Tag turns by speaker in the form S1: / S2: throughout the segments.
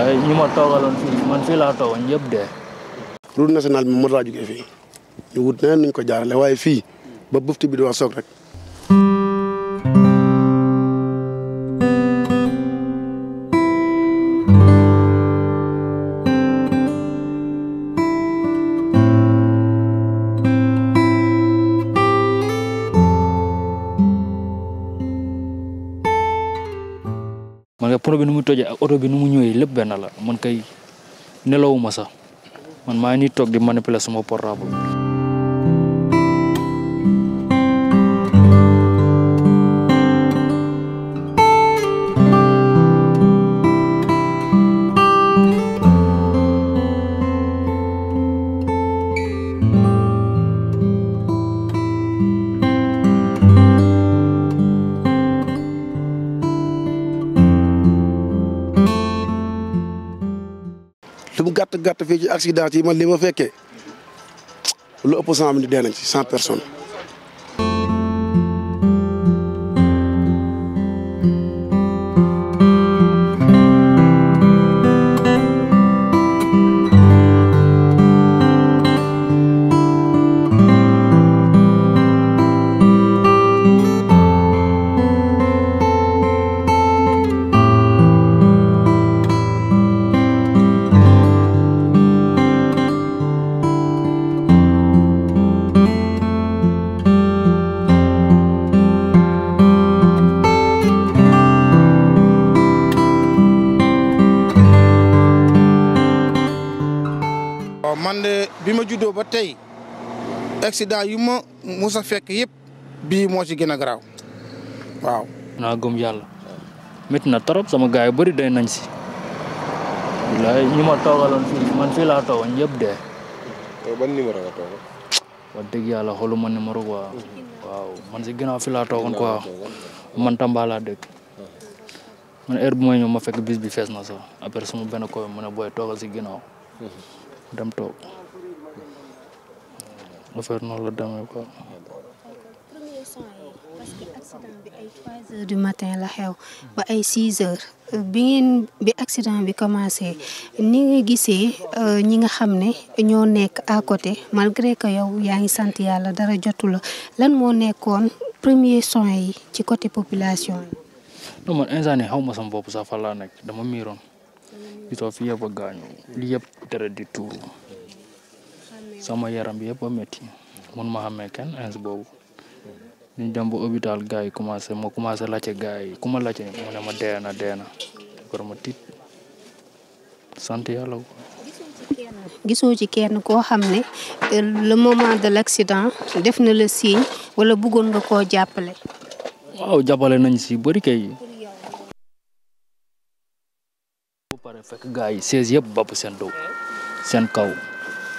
S1: waaye ñi ma toogaloon fii man fii laa toogoon ñëpp dee. route nationale bi moo tax a jógee
S2: ñu wut nee nañ ko jaarale waaye fii ba bufti bi di wax soog rek.
S1: man kay bi nu mu tojee ak oto bi nu mu ñëwee lépp benn la man kay nelawuma sax man maa ngi toog di manipuler sama portable.
S2: gàtt gàtt fii ci accident yi man li ma fekkee lu ëpp cent mille dee nañ ci cent personnes.
S3: man bi ma juddoo ba tey accident yu ma mus a fekk yëpp bii moo ci gën a garaaw
S1: waaw. naa gëm yàlla métti na torop sama gaay yu bëri day nañ si. walaay ñi ma toogaloon fii man fii laa toogoon ñëpp dee. ban numéro nga toogoon. wax dëgg yàlla xooluma numéro quoi. waaw man si ginnaaw fii laa toogoon quoi man Tamba laa dëkk. Ah. man heure bu may ñëw ma fekk bis bi fees na sax après sama benn ko mu ne booy toogal si ginnaaw. dem toog affaire noonu la demee quoi.
S4: parce matin la xew ba ay 6 heures bi ngeen bi accident bi commencé ni nga gisee euh, ñi nga xam ne ñoo nekk à côté malgré que yow yaa ngi sant yàlla dara jotu la lan moo nekkoon premier soins yi ci côté population yi.
S1: non man instant xaw ma sama bopp sax fan nekk dama miiroon. gisoo fi yëpp a gaañu li yëpp di tuuru sama yaram bi yëpp a métti mun ma xamee kenn ins boobu ñu dem ba hôpital gars yi commencé ma commencé laajte gars yi ku ma laajte mu ne na dee na war
S4: ci kenn koo xam ne le de l'accident def na la signe wala bëggoon nga koo jàppale
S1: waaw jàppale nañ si bëri kay fekk gars yi seize yëpp bopp seen dow seen kaw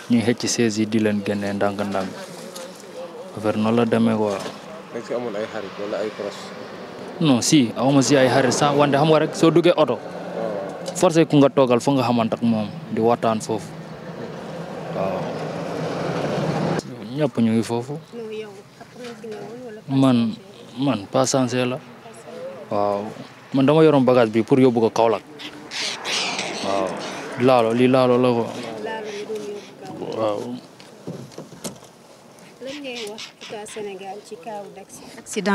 S1: ñuy xëcc seize yi di leen génnee ndànk-ndànk affaire la demee quoi. dañ si
S3: amoon ay xarit
S1: wala si awma si ay xarit sax wante xam nga rek soo duggee oto. Oh. forcé ku nga toogal fa nga xamante moom di waxtaan foofu waaw. ñu ngi foofu. man man pas waaw man dama yoroon bagage bi pour yóbbu ko Kaolack. waaw laalo li laalo la ko waaw.
S4: lan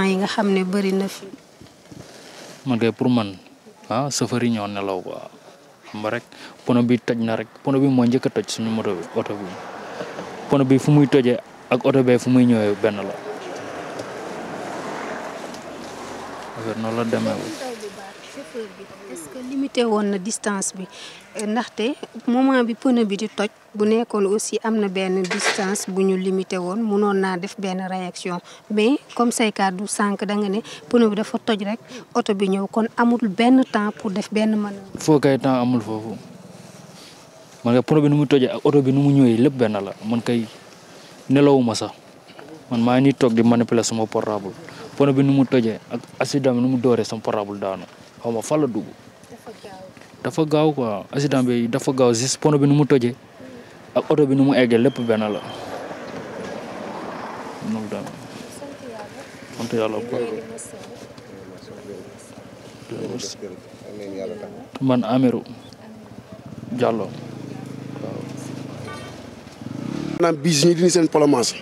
S4: yi nga xam ne bëri na fi.
S1: man pour man ah chauffeur yi ñoo nelaw quoi xam nga rek pono bi toj na rek pono bi moo njëkk toj suñu moto bi oto bi pono bi fu muy tojee ak oto bee fu muy ñëwee benn la
S4: affaire noonu la demee chauffeur woon na distance bi ndaxte moment bi pneu bi di toj bu nekkoon aussi am na benn distance bu ñu limité woon mënoon naa def benn réaction mais comme say kàddu sànq da nga ne pneu bi dafa toj rek oto bi ñëw kon amul benn temps pour def benn mën
S1: foo amul foofu man kay pneu mu tojee ak oto bi mu ñëwee lépp benn la man kay nelawuma sax man maa ngi nii toog di manipuler sama portable pneu bi nu mu tojee ak accident bi nu mu dooree sama portable daanu xaw ma fan la dugg. dafa gaaw quoi accident bi dafa gaaw juste pono bi nu mu tojee ak oto bi nu mu eggee lépp benn la. noonu daal man Amirou Diallo waaw.
S2: maanaam bis ñu dindi seen polomaas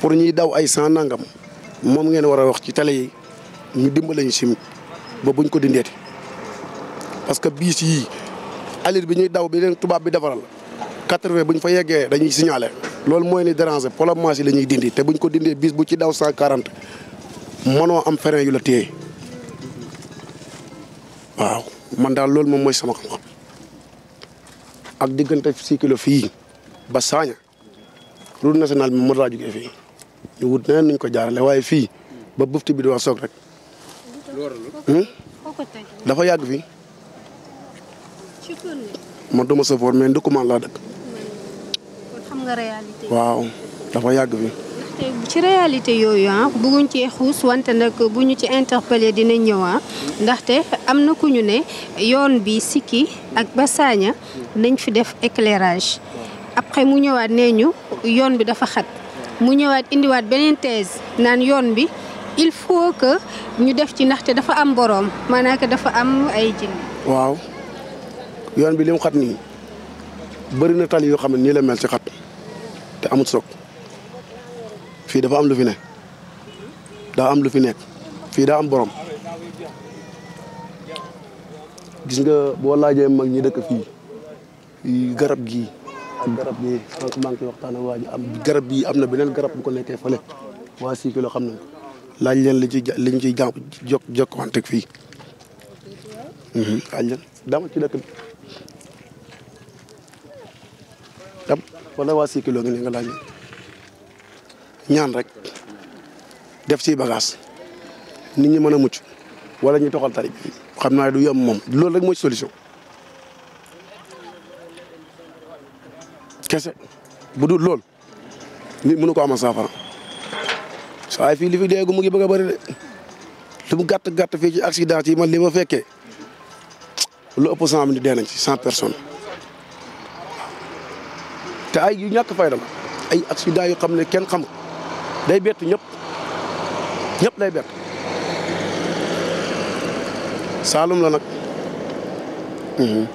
S2: pour ñuy daw ay sans moom ngeen war a wax ci télé yi ñu dimbale ñu si ba buñ ko dindeeti parce que biis yii alir bi ñuy daw bi leen tubaab bi defaral quatre-vingt bu ñu fa yeggee dañuy signalé loolu mooy ni déranger polomange yi la ñuy dindi te buñ ko dindee biis bu ci daw cent quarante mënoo am frein yu la téye waaw man daal loolu moom mooy sama xam ak diggante six fii ba saaña route nationale bi mën laa jógee fii ñu wut neneen nuñ ko jaarale waaye fii ba bufti bi di wax soog rek dafa yàgg fii man duma
S4: ci réalité yooyu ah bëgguñ cee xuus wante nag bu ñu ci interpellé dina ñëw ah. ndaxte am na ku ñu ne yoon bi Sikki ak Bassagna nañ fi def éclairage après mu ñëwaat nee ñu yoon bi dafa xat mu ñëwaat indiwaat beneen thèse naan yoon bi. il faut que ñu def ci ndaxte dafa am boroom maanaam que dafa am ay jinn.
S2: waaw yoon bi li xat nii bëri na tali yoo xam ne nii la mel ci xat te amut soog fii dafa am lu fi ne daa am lu fi nekk fii daa am boroom gis nga boo laajee mag ñi dëkk garab gii ak garab gi sànq maa ngi koy waxtaan ak waa ji am garab bii am na beneen garab bu ko nekkee fële waa sii kilo xam nañ laaj leen li ci li ciy jàpp jokk jokkuwante fii mhm, laaj dama ci dëkk bi dam wala waa six ngi ne nga laaj ñaan rek def ci bagage nit ñi mën a mucc wala ñu toxal tari xam naa du yem moom loolu rek mooy solution kese bu dul lool nit mënu ko amal saafara waaye fii li fi deegu mu ngi bëgg a bëri de lu gàtt gàtt fii ci accident yi man li ma fekkee lu ëpp cent mille dee nañ ci cent personnes te ay yu ñàkk fayda ay accident yu xam ne kenn xam day bett ñëpp ñëpp day bett Saalum la nag.
S3: Mhm.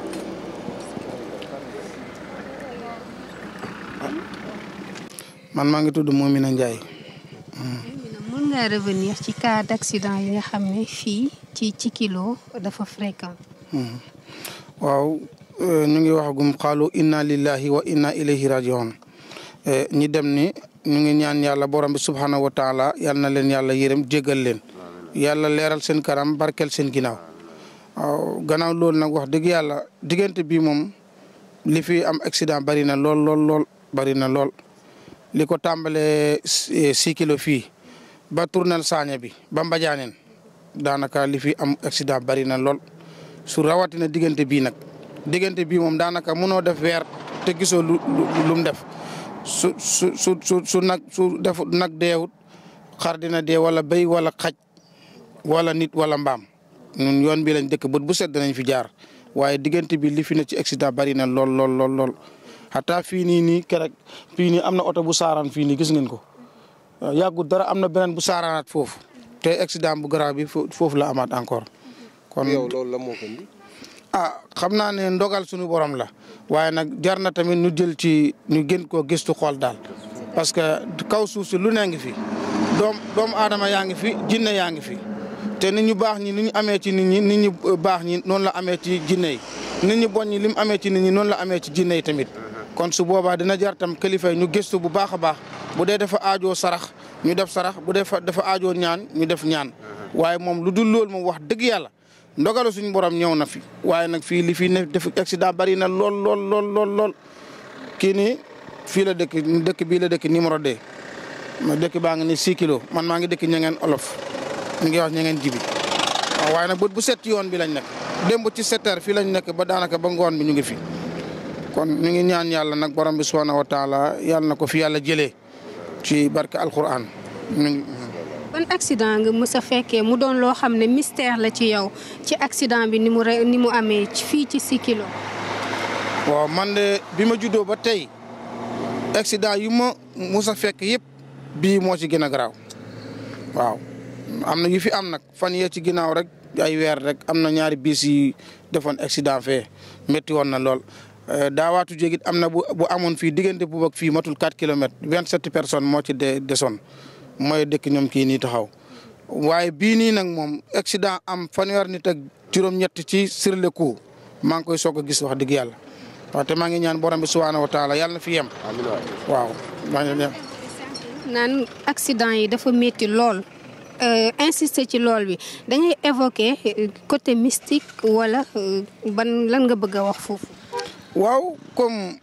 S3: man maa ngi tudd Momina Ndiaye.
S4: mën ngaa revenir ci cas d'accident yi nga xam ne fii ci ci kilo dafa fréquent. Hmm.
S3: waaw euh, ñu ngi wax gum xaalu inna lillahi wa inna ilayhi rajiun euh, ñi dem ni ñu ngi ñaan yàlla borom bi subhanahu wa taala na leen yàlla yërëm jéggal leen yàlla leeral seen karam barkeel seen ginnaaw waaw gannaaw loolu nag wax dëgg yàlla diggante bi moom li fi am accident bari na lool lool lool na lool. li ko tàmbalee six kilo fii ba tournel saaña bi ba mbajaaneen daanaka li fi am accident bari na lool su rawatina diggante bii nag diggante bi moom daanaka mënoo def weer te gisoo lu lu def su su su su nag su def nag deewut xar dina dee wala bay wala xaj wala nit wala mbaam ñun yoon bi lañ dëkk bët bu set danañ fi jaar waaye diggante bi li fi ne ci accident bari na lool lool lool lool. xataa fii nii nii kerek fii nii am na oto bu saaraan fii nii gis ngeen ko yàggu dara am na beneen bu saaraanaat foofu te accident bu grave bi foofu la amaat encore. kon yow loolu la moo ko ah xam naa ne ndogal suñu borom la waaye nag jar na tamit ñu jël ci ñu gën koo gistu xool daal parce que kaw suuf si lu ne ngi fi doom doomu aadama yaa ngi fi jinne yaa ngi fi. te nit ñu baax ñi ni ñu amee ci nit ñi nit ñu baax ñi noonu la amee ci jinne yi ñu bon ñi mu amee ci nit ñi noonu la amee ci jinne yi tamit kon su boobaa dina jar kilifa ñu gëstu bu baax a baax bu dee dafa aajoo sarax ñu def sarax bu dee dafa aajoo ñaan ñu def ñaan waaye moom lu dul lool moom wax dëgg yàlla ndogalu suñu borom ñëw na fi waaye nag fii li fi ne def accident bari na lool lool lool lool lool kii nii fii la dëkk dëkk bii la dëkk numéro de ma dëkk baa ngi ne six kilos man maa ngi dëkk ña ngeen olof ñu ngi wax ña ngeen jibi waaye nag bët bu set yoon bi lañ nekk démb ci sept heures fii lañ nekk ba daanaka ba ngoon bi ñu ngi fi kon mu ngi ñaan yàlla nag borom bi subhaanahu wa taala yàlla na ko fi yàlla jële ci barke alquran
S4: ban accident nga mës fekkee mu doon loo xam ne mystère la ci yow ci accident bi ni mu re ni mu amee fii ci Sikilo.
S3: waaw man de bi ma juddoo ba tey accident yu ma mës fekk yëpp bii moo ci gën a garaaw waaw am na yu fi am nag fan yee ci ginnaaw rek ay weer rek am na ñaari biis yi defoon accident fee métti woon na lool. Euh, daawaatu jéegit am na bu bu amoon fii diggante bu fii matul 4 kilomètres 27 personnes moo ci de desoon mooy dëkk ñoom kii nii taxaw waaye bii nii nag moom accident am fanweer nit ak juróom-ñett ci sur le coup maa ngi koy soog a gis wax dëgg yàlla waaw te maa ngi ñaan borom bi subhaanahu wa yàlla na fi yem. waaw maa ngi leen
S4: naan accident yi dafa métti lool. Euh, insister ci lool bi da ngay évoquer euh, côté mystique wala ban lan nga bëgg a wax foofu.
S3: waaw comme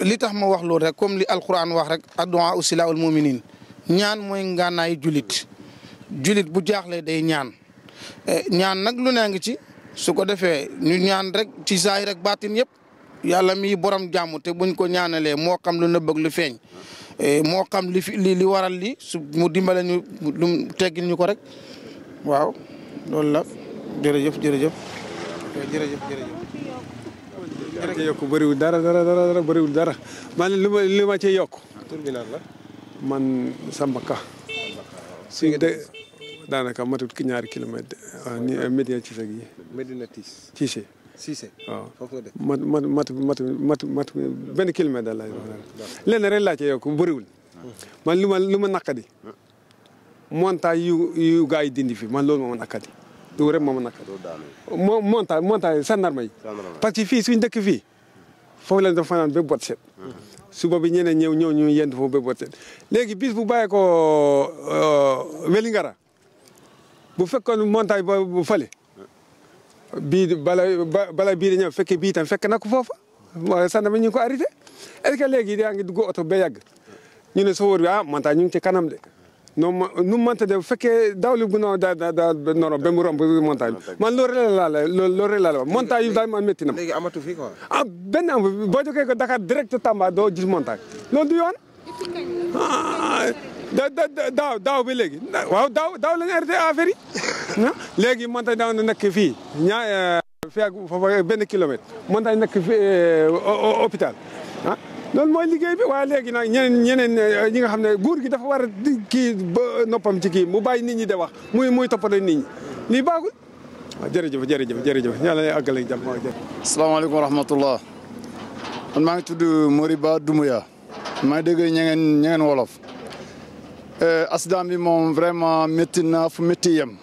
S3: li tax ma wax loolu rek comme li alquran wax rek a aussi addu'a usilaul muminin ñaan mooy ngànnaayu julit julit bu jaaxle day ñaan eh, ñaan nag lu ne ngi ci su ko defee ñu ñaan rek ci saay rek baatin yëpp yàlla mi borom jàmm te buñ ko ñaanalee moo xam lu nëbb ak lu feeñ eh, moo xam li fi li waral li su mu dimbale ñu lu teggil ñu ko rek waaw loolu la jërëjëf jërëjëf eh, jërëjëf dara ci yokk bëriwul dara dara dara bëriwul dara man li ma
S5: li ma ci yokk. tur bi lan la. man Samba Ka. si de daanaka matut ki ñaari kilomètre waaw ni euh, Médina Cissé gi. Médina Cissé Cissé. Cissé waaw foofu nga def mat mat mat mat mat benn kilomètre daal laay wax. lenn rek laa ci yokk bëriwul. man lu ma lu ma naqadi. montagne yu yu gaa yi dindi fi man loolu moo ma naqadi. du rek moom nag. moom montagne montagne gendarme yi. parce que fii suñ dëkk fii foofu lañ doon fanaan ba bot set. Mhm. suba bi ñeneen ñëw ñëw ñu yend foofu ba bot set léegi bis bu bàyyee ko Welingara euh, bu fekkoon montagne ba bu fële bii bala bala bii di ñëw fekke bii tam fekk na ko foofa san gendarme ñu ko arrêté est-ce que léegi yaa ngi dugg oto ba yàgg ñu ne sa wóor bi ah montagne ñu ngi ci kanam de. non ma nu mu mënta def bu fekkee dawlu ginnaaw daa daa daa non ba mu romb montagne man loolu la la loolu la la montagne yi daal man métti na ma. amatu fi quoi. ah benn am boo jógee ko Dakar direct Tamba doo jis montagne loolu du yoon.
S4: Ah,
S5: daaw daaw ba léegi waaw daaw daaw lañu arrêté affaire yi ah, léegi montagne daaw na nekk fii ñaa eh, fii ak foofa benn kilomètre montagne nekk fii eh, hôpital ah, loolu mooy liggéey bi waaye léegi nag ñeneen ñeneen euh, ñi nga xam ne guur gi dafa war a kii ba noppam ci kii mu bàyyi
S6: nit ñi de wax muy muy toppale nit ñi lii baaxul. waaw ah, jërëjëf jërëjëf jërëjëf yàlla lay àggale jàmm waaw jërëjëf. maa ngi tudd Moriba Doumbouya maa ngi dégg ña ngeen ña ngeen wolof. Euh, bi moom vraiment métti na fu métti yem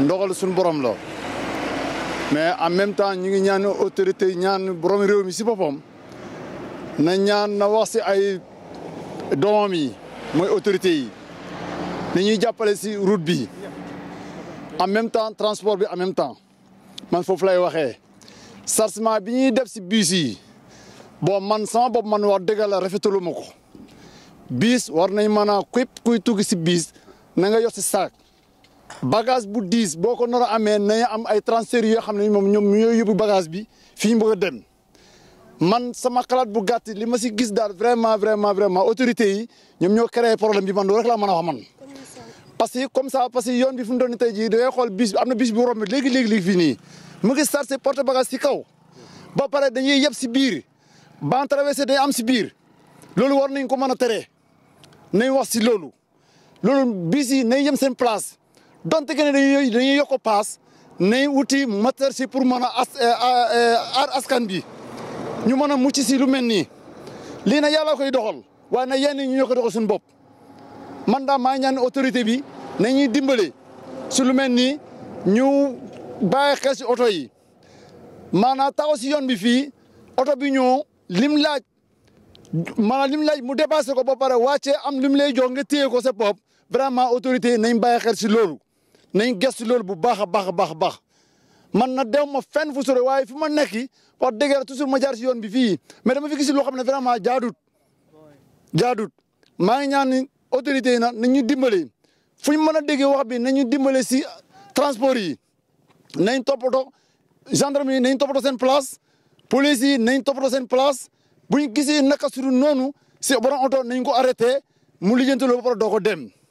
S6: ndogal suñu borom lo mais en même temps ñu ngi ñaan autorité ñaan borom réew mi si boppam. na ñaan na wax si ay doomam yi mooy autorité yi ni jàppale si route bi en même temps transport bi en même temps man foofu lay waxee chargement bi ñuy def si bus yi bon man sama bopp man wax dëgg la rafetalu ko biis war nañ mën a képp kuy tukki si biis na nga yor si saak bagage bu diis boo ko nar a amee nañu am ay transfert yoo xam ne moom ñoom ñooy yóbbu bagage bi fi ñu bëgg a dem man sama xalaat bu gàtt li ma si gis daal vraiment vraiment vraiment autorité yi ñoom ñoo créé problème bi man loolu rek laa man a wax man. parce que comme ça parce que yoon bi fu mu doon ni tey jii da ngay am na bis bu romb léegi léegi léegi fii nii mu ngi chargé porte bagage si kaw ba pare dañuy yeb si biir ban traversé day am si biir loolu war nañ ko mën a teree nañ wax si loolu loolu bis yi nañ yem seen place donte que ne dañuy dañuy yokk paas nay wuti matériel si pour mën a as euh, euh, aar askan bi. ñu mën a mucc si lu mel nii lii na yàlla koy doxal waaye na yenn ñu ñoo ko doxal suñu bopp man daa maa ñaan autorité bi nañuy dimbale si lu mel nii ñu bàyyi xel si oto yi maanaam taxaw si yoon bi fii oto bi ñëw lim laaj maanaam lim laaj mu dépassé ko ba pare wàcce am lim lay jox nga téye ko se bopp vraiment autorité yi nañ bàyyi xel si loolu nañ gëstu loolu bu baax a baax a baax a baax man na dem ma fenn fu sore waaye fu ma nekk wax dëgg yàlla toujours ma si yoon bi fii mais dama fi gis loo xam ne vraiment jaadut jaadut maa ngi ñaan ni autorités yi na ñu dimbale fu ñu mën a déggee wax bi nañu dimbalee si transport yi nañ toppatoo gendarmerie yi nañ toppatoo seen place police yi nañ toppatoo seen place bu buñ gisee naka sudu noonu si borom oto nañ ko arrêté mu lijjanti loolu ba pare doo ko dem